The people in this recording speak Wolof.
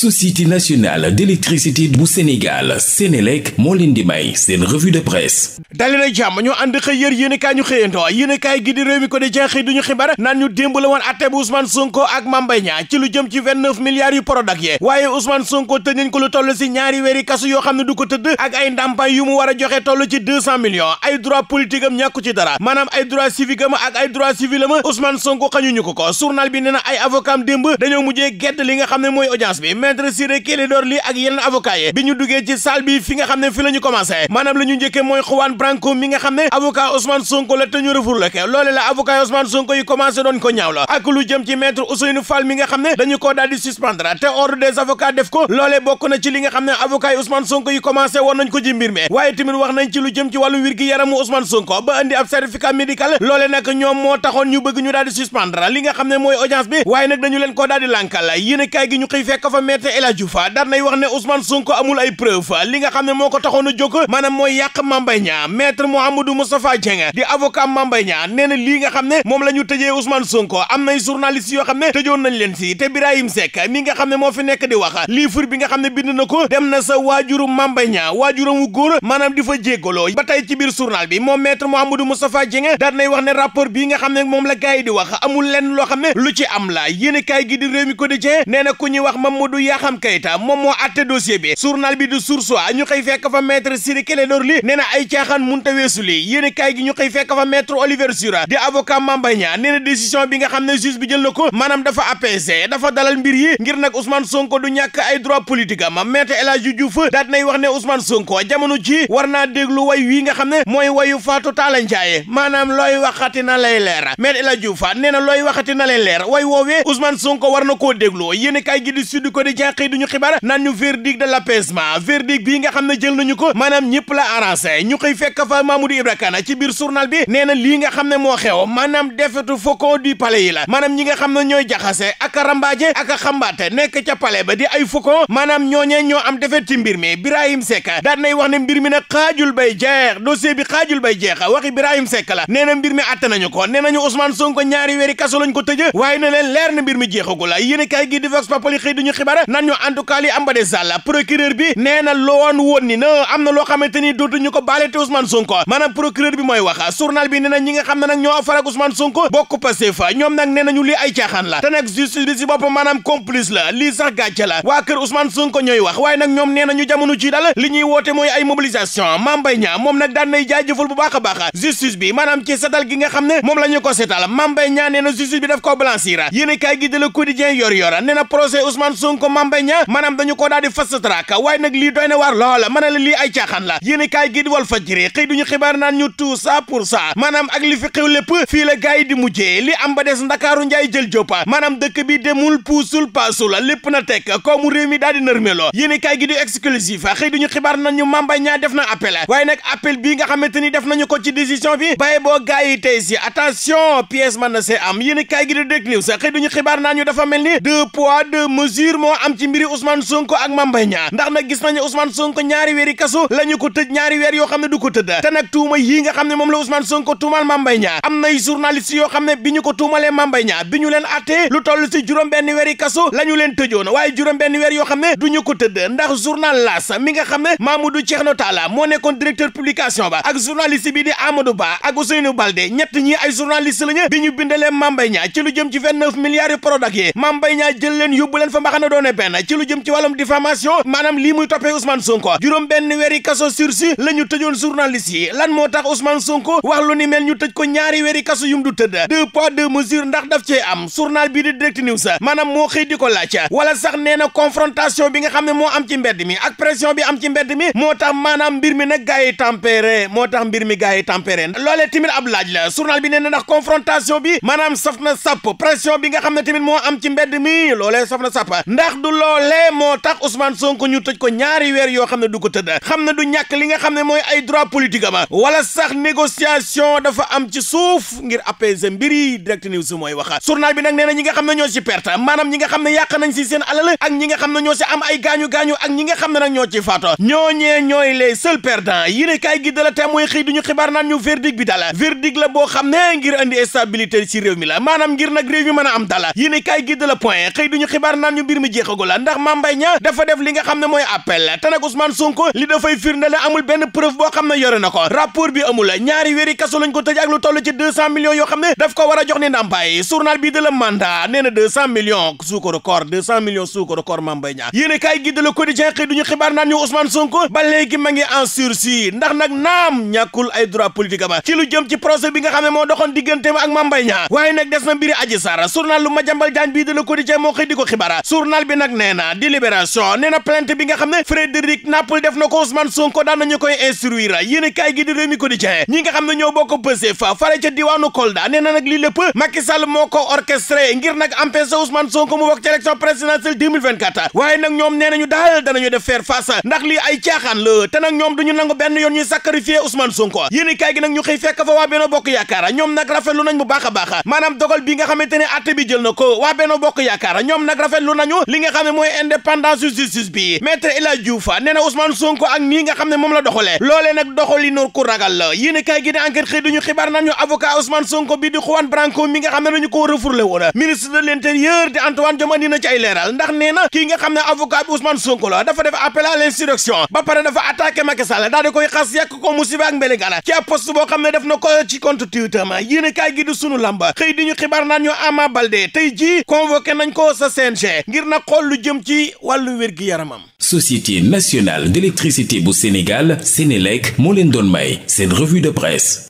société nationale d'électricité bu Sénégal Sénélec moo leen di may seen revue de presse dali jàmm ñu ànd xëy yër yéen i kaay ñu xëyandoo yéen i kaay gi di réew mi ko di jenxëy duñu xibaar naan ñu démb la woon atte bu Ousmane Sonko ak Mame ci lu jëm ci 29 yu Prodac yee waaye Ousmane Sonko tëj nañ ko lu toll si ñaari weeri kasu yoo xam ne du ko tëdd ak ay ndàmpaay yu mu war a joxe toll ci 200 millions ay droit politique am ñàkku ci dara maanaam ay droit nga xam ne mooy maître Ciré Clédor Ly ak yeneen avocat yi bi ñu duggee ci salle bi fi nga xam ne fi la ñu commencé maanaam la ñu njëkkee mooy Juan Branco mi nga xam ne avocat Ousmane Sonko la te ñu refourleke loole la avocat yi Sonko yi commencé doon ko ñaaw la ak lu jëm ci maître Ousseynou Fall mi nga xam ne dañu koo daal di te ordre des avocats def ko loolee bokk na ci li nga xam ne avocat yi Sonko yi commencé woon nañ ko ci mbir waaye tamit wax nañ ci lu jëm ci wàllu wér maître El Hadji Diouf daan nay wax ne Ousmane Sonko amul ay preuve li nga xam ne moo ko taxoon a jóg maanaam moo yàq Mame Mbaye Niang maître Mouhamadou Moustapha Dieng di avocat Mame Mbaye Niang lii nga xam ne moom la ñu tëjee Ousmane Sonko am nay journaliste yoo xam ne tëjoon nañ leen si te Birahim Seck mi nga xam ne moo fi nekk di wax livre bi nga xam ne bind na ko dem na sa waajuru Mame Mbaye Niang waajuram wu góor maanaam di fa jéggaloo ba tey ci biir journal bi moom maître Mouhamadou Moustapha Dieng daan nay wax ne rapport bii nga xam ne moom la gars yi di wax loo xam ne lu ci am la yéen kaay gi di réew mi quotidien nee na ku ñuy wax Yaxam Kayta moom moo atte dossier bi journal bi du Source A ñu xëy fekk fa maître Ciré Clédor Ly nee na ay caaxaan na décision bi nga xam ne juge bi jël na ko maanaam dafa apaisé dalal mbir yi ngir nag Ousmane Sonko du ñàkk ay droit politique am maître El Hadji Diouf nay wax ne Ousmane Sonko war nga xam ne mooy wayu Fatou Talla Ndiaye maanaam looy waxati na lay leer maître El Hadji Diouf na looy waxati na lay leer way woowee Ousmane Sonko war na koo déglu yéen kaay gi di Sud Quotidien quotidien xëy ñu verdict de l'apaisement verdict bii nga xam ne ko maanaam ñëpp la arrangé ñu xëy fekk fa Mamadou Ibra Kane ci biir journal bi nee lii nga xam ne moo xew maanaam defetu faucon du palais yi la maanaam ñi nga xam ne ñooy jaxase ak rambaaje ak xambaate nekk ca palais ba di ay faucon maanaam ñooñee ñoo am defet ci mbir mi Birahim Seck daan wax ne mbir mi nag xaajul bay jeex dossier bi xaajul bay jeex waxi Birahim Seck la nee na mbir mi àtte nañu ko nee nañu Ousmane Sonko ñaari weeri kaso lañ ko tëj waaye na leen leer na mbir mi jeexagul yéen a kaay gi di Vox Populi xëy duñu nan ñu en tout cas li am ba des àll procureur bi nee loon woon ni na am na loo xamante ni dootu ñu ko baale te Ousmane Sonko maanaam procureur bi mooy wax journal bi nee ñi nga xam ne nag ñoo farag Ousmane Sonko bokk Pastef fa ñoom nag nee nañu li ay caaxaan la te nag bi si boppam maanaam complice la lii sax gàcce la waa kër Ousmane Sonko ñooy wax waaye nag ñoom nee nañu jamono ci dal li ñuy woote mooy ay mobilisation Mame Mbaye Niang moom na justice Mame Mbaye Niang maanaam dañu ko daal di fast track waaye nag lii doy na waar lool ma lii ay caaxaan la yéen i kaay gi di Walf Fadjri xibaar naan ñu tout ça pour ça maanaam ak li fi xew lépp fii la gars yi di mujjee li am ba des ndakaaru njaay jël joppa maanaam dëkk bi demul puusul paasul lépp na tekk koomu réew mi daal di nërmeloo yéen i kaay gi di exclusif xëy duñu xibaar naan ñu Mame Mbaye Niang def na appel waaye nag bii nga xamante ni def nañu ko ci décision bi bàyyi boo gars na see am yéen i gi di sa xëy duñu dafa mel am ci mbiri Ousmane Sonko ak Mame Mbaye Niang ndax nag gis nañu Ousmane Sonko ñaari weeri kaso la ko tëj ñaari weer yoo xam ne du ko tëdd te nag tuuma yii nga xam ne moom la Ousmane Sonko tuumal Mame Mbaye Niang am nay journaliste yoo xam ne bi ñu ko tuumalee Mame Mbaye Niang bi ñu leen attee lu toll si juróom benn weeri kaso la ñu leen tëjoon waaye juróom benn weer yoo xam ne du ñu ko tëdd ndax journal L'As mi nga xam ne Mamadou Cheikhno Talla moo nekkoon directeur publication ba ak bi di Amadou Ba ñi ay ñu bindalee Mame Mbaye Niang ci lu jëm ci 29 milliards yu Prodac juróom-benn benn ci lu jëm ci wàllum diffamation maanaam lii muy toppee Ousmane Sonko juróom-benn weeri kaso sursis la ñu tëjoon journaliste yi lan moo tax Ousmane Sonko wax lu ni mel ñu tëj ko ñaari weeri kaso yum du tëdd deux poids deux mesures ndax daf cee am journal bi di direct news maanaam moo xëy di ko laaj wala sax nee na confrontation bi nga xam ne moo am ci mbedd mi ak pression bi am ci mbedd mi moo tax maanaam mbir mi nag gars yi tempéré moo tax mbir mi gars yi tempéré loolee tamit ab laaj la journal bi ndax confrontation bi maanaam saf na sàpp pression bi nga xam ne tamit moo am ci mbedd mi loolee saf na du loolee moo tax Ousmane Sonko ñu tëj ko ñaari weer yoo xam ne du ko tëdd xam ne du ñàkk li nga xam ne mooy ay droit politique ama wala sax négociation dafa am ci suuf ngir apaiser mbir yi direct news mooy wax journal bi nag nee ñi nga xam ne ñoo ci perte maanaam ñi nga xam ne yàq nañ si seen alal ak ñi nga xam ne ñoo si am ay gaañu-gaañu ak ñi nga xam ne nag ñoo ci faato ñooñee ñooy les seuls perdants yéen kaay gi da la teem mooy ñu la boo xam ne ngir andi stabilité ci réew mi la maanaam ngir nag réew mi a am dala yéen kaay ñu mbir mi jeexagula ndax Mame Mbaye Niang dafa def li xam ne mooy appel te nag Ousmane Sonko li dafay firnde la amul benn preuve boo xam ne yore na ko rapport bi amul ñaari wéeri kaso ko tëj ak lu ci deux cent millions xam ne daf ko war jox ni ndàmpaay journal bii de la mandat nee na deux cent millions suukaru koor deux cent millions suukaru koor Mame Mbaye Niang yéen a kaay gi de duñu xibaar naan ñu Ousmane Sonko ba léegi ma ngi en sursis ndax nag naam nag nee na di libération nee na plainte bi nga xam ne Frédéric Napel def na ko Ousmane Sonko daan nañu koy instruire yéen a kaay gi di Rewmi Quotidien ñi nga ñoo bokk Pastef fa fare ca diwaanu Kolda nee nag lii lépp Macky Sall ko orchestré ngir nag empêcher Ousmane Sonko mu bokk ci élection présidentielle 2024 waaye nag ñoom nee nañu daal danañu def faire ndax lii ay caaxaan la te nag ñoom duñu nangu benn yoon ñuy sacrifier Ousmane Sonko yéen a kaay gi nag ñu xëy fekk fa waa Benno Bokk a baax maanaam dogal bi nga xamante ne nga xam ne mooy indépendance justice bi maître El Hadj Diouf nee na Ousmane Sonko ak nii nga xam ne moom la doxalee loolee nag doxali noor ku ragal la yéen a kaay gi di enquête xëy xibaar naan ñu avocat Ousmane Sonko bi di Juan Branco mi nga xam ne dañu ko refourlé woon ministre de l'intérieur di Antoine Diome andi na ci leeral ndax nee na kii nga xam ne avocat bi la dafa def appel à l'insurrection ba pare dafa attaqué Macky Sall daal di koy xas yàq ko na ko ma yéen a kaay ko ngir na xool lu jëm ci wàllu wér yaramam société nationale d'électricité bu Sénégal Sénélec moo leen doon may seen revue de presse